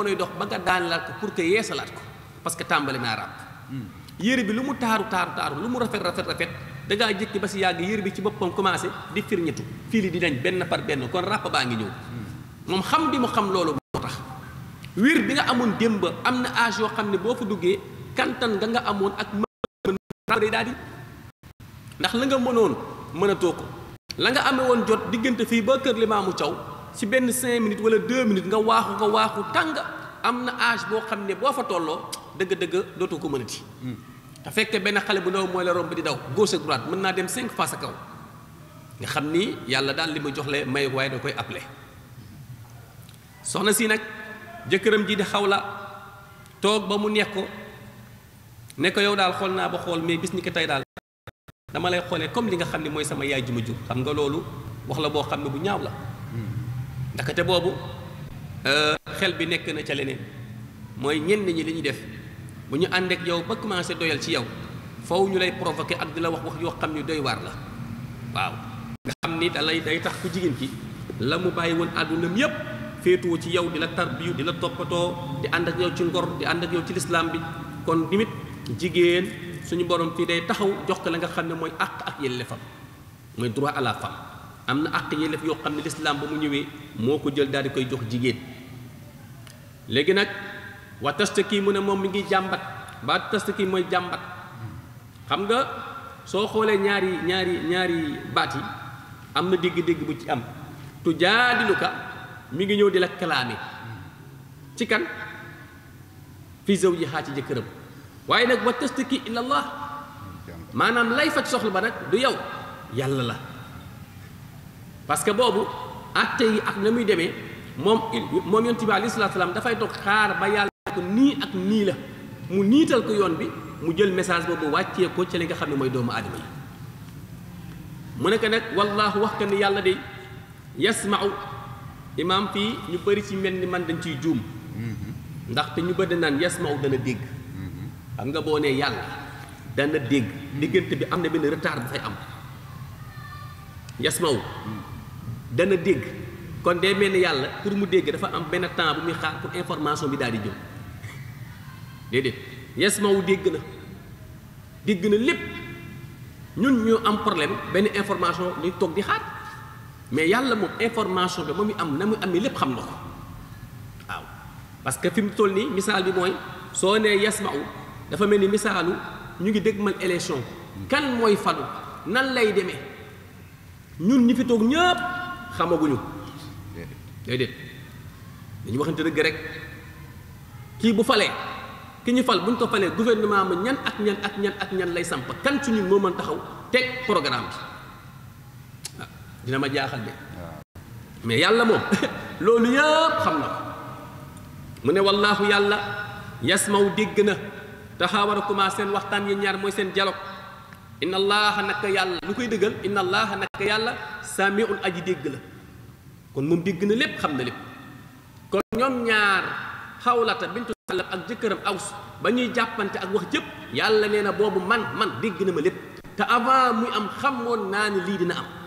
mënuy dox ba nga daanelaat ko pour que yeesalaat ko parce que tàmbali yére bi lu mu taaru taaru taaru lu mu rafet rafet rafet da ngaa jëkki ba si yàgg yére bi ci boppam commencé di firñitu fii li di benn par benn kon ràpp baa ngi ñëw moom xam bi mu xam loolu moo tax wér bi nga amoon démb am na âge yoo xam ne boo fa duggee kantan nga nga amoon ak mën day la nga mënoon mënatoo ko la nga amee woon jot diggante fii ba kër Limaamu Caw ci benn cinq minutes wala deux minutes nga waaxu nga waaxu tàng am na age boo xam ne boo fa tolloo dëgg-dëgg dootoo ko mënati. Hmm. te fekke benn xale bu ndaw mooy la romb di daw gauche ak droite mën naa dem cinq fois sa kaw nga xam ni yàlla daal li ma joxle may waaye da koy appelé soxna si nag jëkkëram ji di xaw la toog ba mu nekk ko nekk yow daal xool naa ba xool mais bis ni ko tey daal dama lay xoolee comme li nga xam ni mooy sama yaay ji ma jur xam nga loolu wax la boo xam ne bu ñaaw la hmm. ndakate boobu euh, xel bi nekk na ca leneen mooy ñenn ñi li ñuy def bu ñu ànd ak yow ba commencé doyal ci yow faw ñu lay provoqué ak di la wax wax yoo xam ni doy waar la waaw nga xam ni dalay day tax ku jigéen ki la mu bàyyi woon àddunaam yépp féetuwu ci yow di la tarbiyu di la toppatoo di ànd ak yow ci ngor di ànd ak yow ci lislaam bi kon dimit jigéen suñu borom fii day taxaw jox ko la nga xam ne mooy àq ak yelleefam mooy droit alaa la am na àq yelleef yoo xam ne lislaam ba mu ñëwee moo ko jël daal di koy jox jigéen léegi nag wa kii mu ne moom mi ngi jàmbat ba kii mooy jàmbat xam nga soo xoolee ñaari ñaari ñaari baat yi am na digg dégg bu ci am tujaadiluka mi ngi ñëw di la kalaame ci kan fi zawjihaa ci jëkkëram waaye nag wa tastaki ilallah maanaam lay faj soxla ba nag du yow yàlla la parce que boobu atte yi ak na muy demee moom moom yonent bi alayhi salaam dafay toog xaar ba yàlla nii ak nii la mu niital ko yoon bi mu jël message boobu wàccee ko ci li nga xam ne mooy doomu aadama yi mu nekk nag wallaahu wax ka ni yàlla de yasmau imaam fii ñu bëri ci mel ni man dañ ciy juum ndaxte ñu bëri naan yasmau dana dégg xam nga boo nee yàlla dana dégg diggante bi am na benn retard fay am yasmau dana dégg kon day mel ni yàlla pour mu dégg dafa am benn temps bu muy xaar pour information bi daal di jóg déedéet yes mawu dégg na dégg na lépp ñun ñu am problème benn information luy toog di xaar mais yàlla moom information bi moom mu am na mu amee lépp xam na ko waaw parce que fi mu toll nii misaal bi mooy soo nee yes dafa mel ni misaalu ñu ngi dégmal élection kan mooy falu nan lay demee ñun ñu fi toog ñëpp. xamaguñu déedéet dañu waxante dëgg rek kii bu falee ki ñu fal bu ñu ko falee gouvernement ma ñan ak ñan ak ñan ak ñan lay samp kan ci ñun moo mën taxaw teg programme bi ah, dina ma jaaxal de mais yàlla moom loolu yëpp xam na mu ne wallaahu yàlla yasmaw dégg na taxaawarakuma seen waxtaan yi ñaar mooy seen dialogue inna allaha naka yàlla lu koy dëggal inna allaha naka yàlla samiun aji dégg la kon moom dégg na lépp xam na lépp kon ñoom ñaar xawlata bintu sallam ak jëkkëram aws ba ñuy jàppante ak wax jëpp yàlla nee na boobu man man dégg na ma lépp te avant muy am xamoon naa ni lii dina am